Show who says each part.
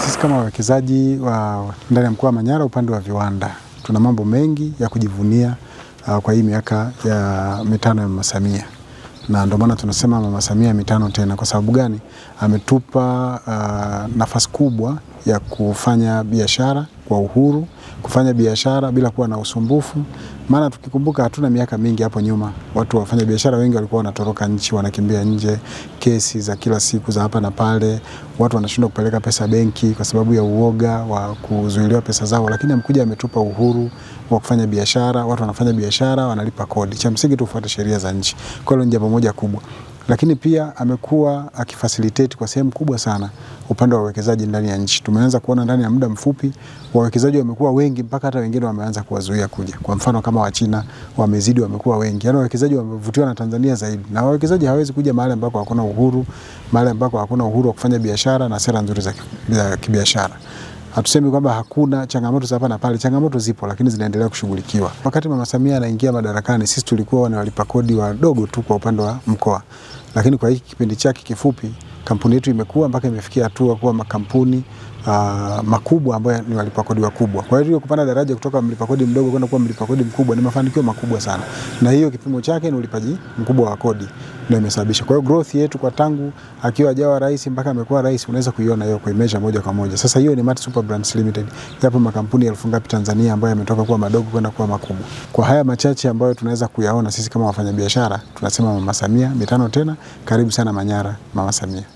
Speaker 1: Sisi kama wawekezaji wa ndani ya mkoa wa Manyara upande wa viwanda tuna mambo mengi ya kujivunia uh, kwa hii miaka ya mitano ya Mama Samia, na ndio maana tunasema Mama Samia mitano tena. Kwa sababu gani? Ametupa uh, nafasi kubwa ya kufanya biashara kwa uhuru kufanya biashara bila kuwa na usumbufu. Maana tukikumbuka hatuna miaka mingi hapo nyuma, watu wafanya biashara wengi walikuwa wanatoroka nchi, wanakimbia nje, kesi za kila siku za hapa na pale, watu wanashindwa kupeleka pesa benki kwa sababu ya uoga wa kuzuiliwa pesa zao, lakini amekuja ametupa uhuru wa kufanya biashara, watu wanafanya biashara, wanalipa kodi, cha msingi tufuate sheria za nchi. Kwa hiyo ni jambo moja kubwa lakini pia amekuwa akifasilitate kwa sehemu kubwa sana upande wa wawekezaji ndani ya nchi. Tumeanza kuona ndani ya muda mfupi wawekezaji wamekuwa wengi mpaka hata wengine wameanza kuwazuia kuja. Kwa mfano kama Wachina wamezidi, wamekuwa wengi, yaani wawekezaji wamevutiwa na Tanzania zaidi, na wawekezaji hawezi kuja mahali ambako hakuna uhuru, mahali ambako hakuna uhuru wa kufanya biashara na sera nzuri za kibiashara. Hatusemi kwamba hakuna changamoto za hapa na pale, changamoto zipo, lakini zinaendelea kushughulikiwa. Wakati Mama Samia anaingia madarakani, sisi tulikuwa wanawalipa kodi wadogo tu kwa upande wa mkoa, lakini kwa hiki kipindi chake kifupi kampuni yetu imekuwa mpaka imefikia hatua kuwa makampuni uh, makubwa ambayo ni walipa kodi wakubwa. Kwa hiyo kupanda daraja kutoka mlipa kodi mdogo kwenda kuwa mlipa kodi mkubwa ni mafanikio makubwa sana, na hiyo kipimo chake ni ulipaji mkubwa wa kodi ndio imesababisha. Kwa hiyo growth yetu kwa tangu akiwa jawa rais mpaka amekuwa rais, unaweza kuiona hiyo kwa imeja moja kwa moja. Sasa hiyo ni Mati Super Brands Limited. Yapo makampuni elfu ngapi Tanzania ambayo yametoka kuwa madogo kwenda kuwa makubwa. Kwa haya machache ambayo tunaweza kuyaona sisi kama wafanyabiashara, tunasema Mama Samia mitano tena, karibu sana Manyara, Mama Samia.